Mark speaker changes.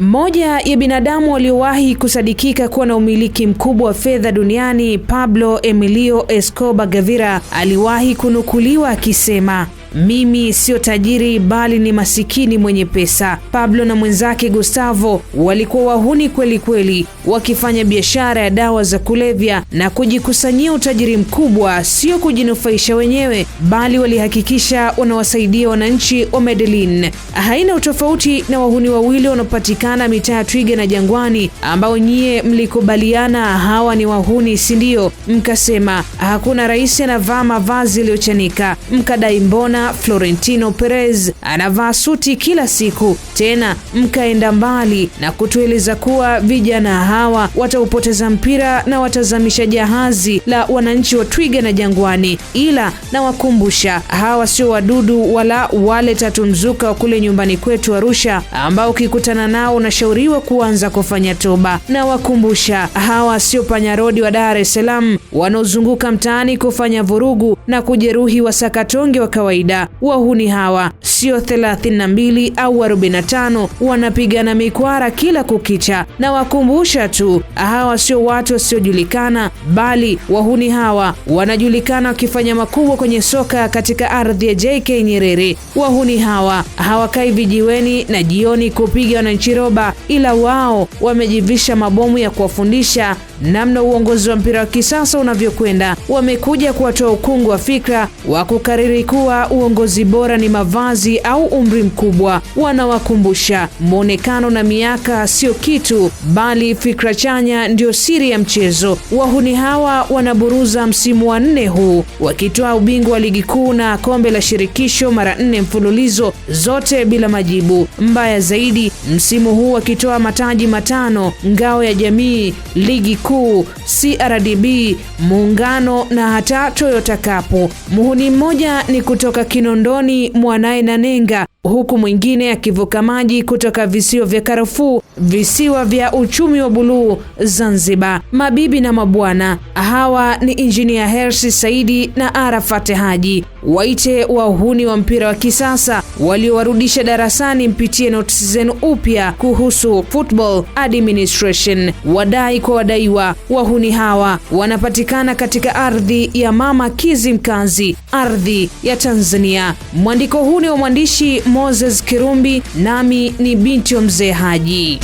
Speaker 1: Mmoja ya binadamu waliowahi kusadikika kuwa na umiliki mkubwa wa fedha duniani, Pablo Emilio Escobar Gavira aliwahi kunukuliwa akisema mimi sio tajiri bali ni masikini mwenye pesa. Pablo na mwenzake Gustavo walikuwa wahuni kweli kweli, wakifanya biashara ya dawa za kulevya na kujikusanyia utajiri mkubwa, sio kujinufaisha wenyewe, bali walihakikisha wanawasaidia wananchi wa Medellin. Haina utofauti na wahuni wawili wanaopatikana mitaa ya Twiga na Jangwani, ambao nyie mlikubaliana hawa ni wahuni, si ndio? Mkasema hakuna rais anavaa mavazi yaliyochanika, mkadai mbona bwana Florentino Perez anavaa suti kila siku, tena mkaenda mbali na kutueleza kuwa vijana hawa wataupoteza mpira na watazamisha jahazi la wananchi wa Twiga na Jangwani, ila nawakumbusha hawa sio wadudu wala wale tatu mzuka wa kule nyumbani kwetu Arusha, ambao ukikutana nao unashauriwa kuanza kufanya toba. Nawakumbusha hawa sio panyarodi wa Dar es Salaam wanaozunguka mtaani kufanya vurugu na kujeruhi wasakatonge wa kawaida kawaida. Wahuni hawa sio 32 au 45, wanapigana mikwara kila kukicha. Na wakumbusha tu, hawa sio watu wasiojulikana, bali wahuni hawa wanajulikana wakifanya makubwa kwenye soka katika ardhi ya JK Nyerere. Wahuni hawa hawakai vijiweni na jioni kupiga wananchi roba, ila wao wamejivisha mabomu ya kuwafundisha namna uongozi wa mpira wa kisasa unavyokwenda. Wamekuja kuwatoa ukungu wa fikra wa kukariri kuwa uongozi bora ni mavazi au umri mkubwa, wanawakumbusha mwonekano na miaka sio kitu, bali fikra chanya ndio siri ya mchezo. Wahuni hawa wanaburuza msimu wa nne huu wakitoa ubingwa wa ligi kuu na kombe la shirikisho mara nne mfululizo, zote bila majibu. Mbaya zaidi, msimu huu wakitoa mataji matano: ngao ya jamii, ligi kuu, CRDB, muungano na hata Toyota Cup. Muhuni mmoja ni kutoka Kinondoni, Mwanae na Nenga huku mwingine akivuka maji kutoka visiwa vya karafuu, visiwa vya uchumi wa buluu Zanzibar. Mabibi na mabwana, hawa ni injinia Hersi Saidi na Arafat Haji, waite wahuni wa mpira wa kisasa waliowarudisha darasani. Mpitie notisi zenu upya kuhusu football administration. Wadai kwa wadaiwa, wahuni hawa wanapatikana katika ardhi ya mama Kizimkazi, ardhi ya Tanzania. Mwandiko huu ni wa mwandishi Moses Kirumbi, nami ni binti wa mzee Haji.